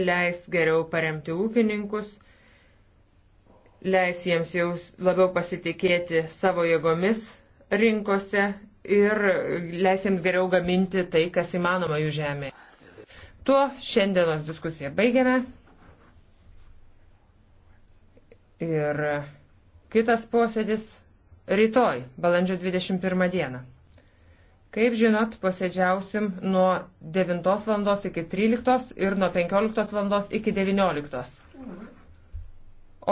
leis geriau paremti ūkininkus, leis jiems jau labiau pasitikėti savo jėgomis rinkose ir leis jiems geriau gaminti tai, kas įmanoma jų žemėje. Tuo šiandienos diskusiją baigiame. Ir kitas posėdis rytoj, balandžio 21 dieną. Kaip žinot, posėdžiausim nuo 9 val. iki 13 ir nuo 15 val. iki 19.